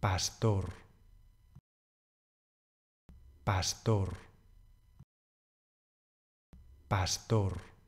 pastor, pastor, pastor.